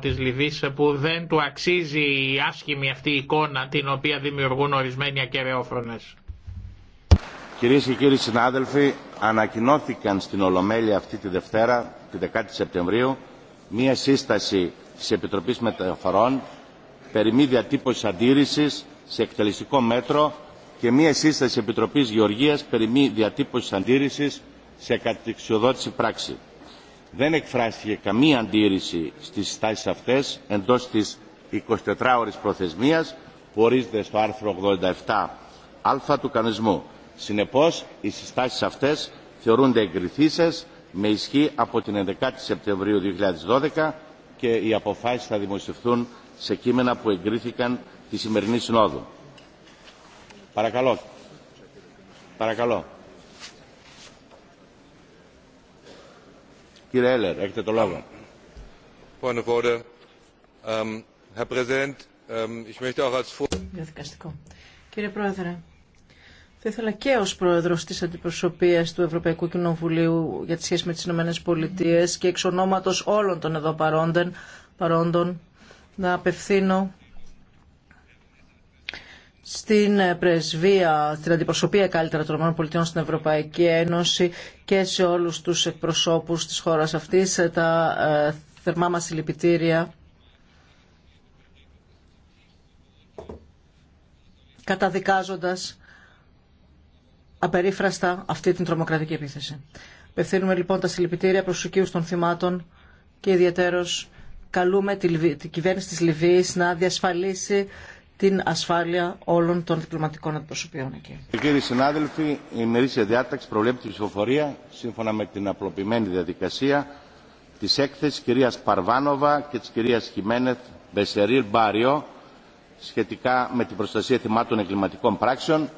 της Λιβύης που δεν του αξίζει η άσχημη αυτή εικόνα την οποία δημιουργούν ορισμένοι ακεραιόφρονες. Κυρίες και κύριοι συνάδελφοι, ανακοινώθηκαν στην Ολομέλεια αυτή τη Δευτέρα, την 10η Σεπτεμβρίου, μία σύσταση της Επιτροπής Μεταφορών περί μη διατύπωσης αντίρρησης σε εκτελεστικό μέτρο και μία σύσταση Επιτροπής Γεωργίας περί μη αντίρρησης σε κατεξιοδότηση πράξη δεν εκφράστηκε καμία αντίρρηση στις στάσεις αυτές εντός της 24ωρης προθεσμίας που ορίζεται στο άρθρο 87α του κανονισμού. Συνεπώς, οι συστάσεις αυτές θεωρούνται εγκριθήσεις με ισχύ από την 11η Σεπτεμβρίου 2012 και οι αποφάσεις θα δημοσιευθούν σε κείμενα που εγκρίθηκαν τη σημερινή συνόδου. Παρακαλώ. Παρακαλώ. Κύριε Έλερ, Κύριε Πρόεδρε, θα ήθελα και ως πρόεδρος της αντιπροσωπείας του Ευρωπαϊκού Κοινοβουλίου για τις σχέσεις με τις Ηνωμένες Πολιτείες και εξ ονόματος όλων των εδώ παρόντων να απευθύνω στην ε, πρεσβεία, στην αντιπροσωπεία καλύτερα των ΗΠΑ στην Ευρωπαϊκή Ένωση και σε όλους τους εκπροσώπους της χώρας αυτής ε, τα ε, θερμά μας συλληπιτήρια. καταδικάζοντας απερίφραστα αυτή την τρομοκρατική επίθεση. Απευθύνουμε λοιπόν τα συλληπιτήρια προς των θυμάτων και ιδιαίτερος καλούμε την κυβέρνηση της Λιβύης να διασφαλίσει την ασφάλεια όλων των διπλωματικών αντιπροσωπείων εκεί. Κύριοι συνάδελφοι, η ημερήσια διάταξη προβλέπει την ψηφοφορία σύμφωνα με την απλοποιημένη διαδικασία της έκθεση κυρίας Παρβάνοβα και της κυρίας Χιμένεθ Μπεσερίλ Μπάριο σχετικά με την προστασία θυμάτων εγκληματικών πράξεων.